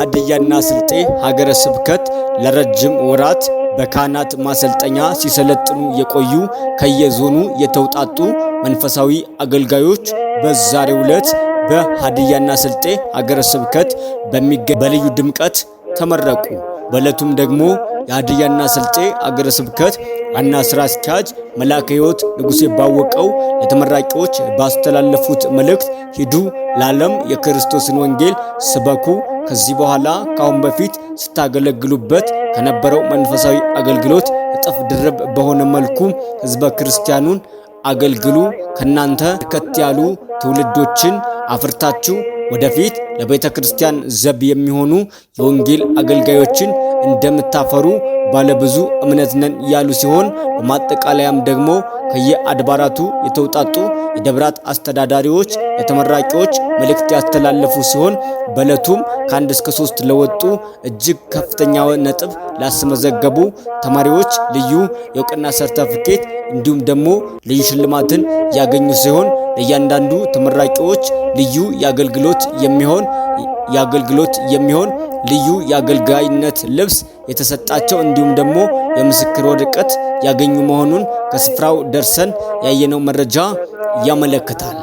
ሀድያና ስልጤ ሀገረ ስብከት ለረጅም ወራት በካህናት ማሰልጠኛ ሲሰለጥኑ የቆዩ ከየዞኑ የተውጣጡ መንፈሳዊ አገልጋዮች በዛሬው ዕለት በሀድያና ስልጤ ሀገረ ስብከት በልዩ ድምቀት ተመረቁ። በዕለቱም ደግሞ የሀድያና ስልጤ አገረ ስብከት ዋና ስራ አስኪያጅ መልአከ ሕይወት ንጉሴ ባወቀው ለተመራቂዎች ባስተላለፉት መልእክት ሂዱ፣ ለዓለም የክርስቶስን ወንጌል ስበኩ ከዚህ በኋላ ከአሁን በፊት ስታገለግሉበት ከነበረው መንፈሳዊ አገልግሎት እጥፍ ድርብ በሆነ መልኩ ህዝበ ክርስቲያኑን አገልግሉ። ከናንተ በርከት ያሉ ትውልዶችን አፍርታችሁ ወደፊት ለቤተ ክርስቲያን ዘብ የሚሆኑ የወንጌል አገልጋዮችን እንደምታፈሩ ባለብዙ እምነት ነን ያሉ ሲሆን በማጠቃለያም ደግሞ ከየአድባራቱ የተውጣጡ የደብራት አስተዳዳሪዎች ለተመራቂዎች መልእክት ያስተላለፉ ሲሆን በዕለቱም ከአንድ እስከ ሶስት ለወጡ እጅግ ከፍተኛ ነጥብ ላስመዘገቡ ተማሪዎች ልዩ የእውቅና ሰርተፍኬት እንዲሁም ደግሞ ልዩ ሽልማትን ያገኙ ሲሆን ለእያንዳንዱ ተመራቂዎች ልዩ የአገልግሎት የሚሆን የአገልግሎት የሚሆን ልዩ የአገልጋይነት ልብስ የተሰጣቸው እንዲሁም ደግሞ የምስክር ወረቀት ያገኙ መሆኑን ከስፍራው ደርሰን ያየነው መረጃ ያመለክታል።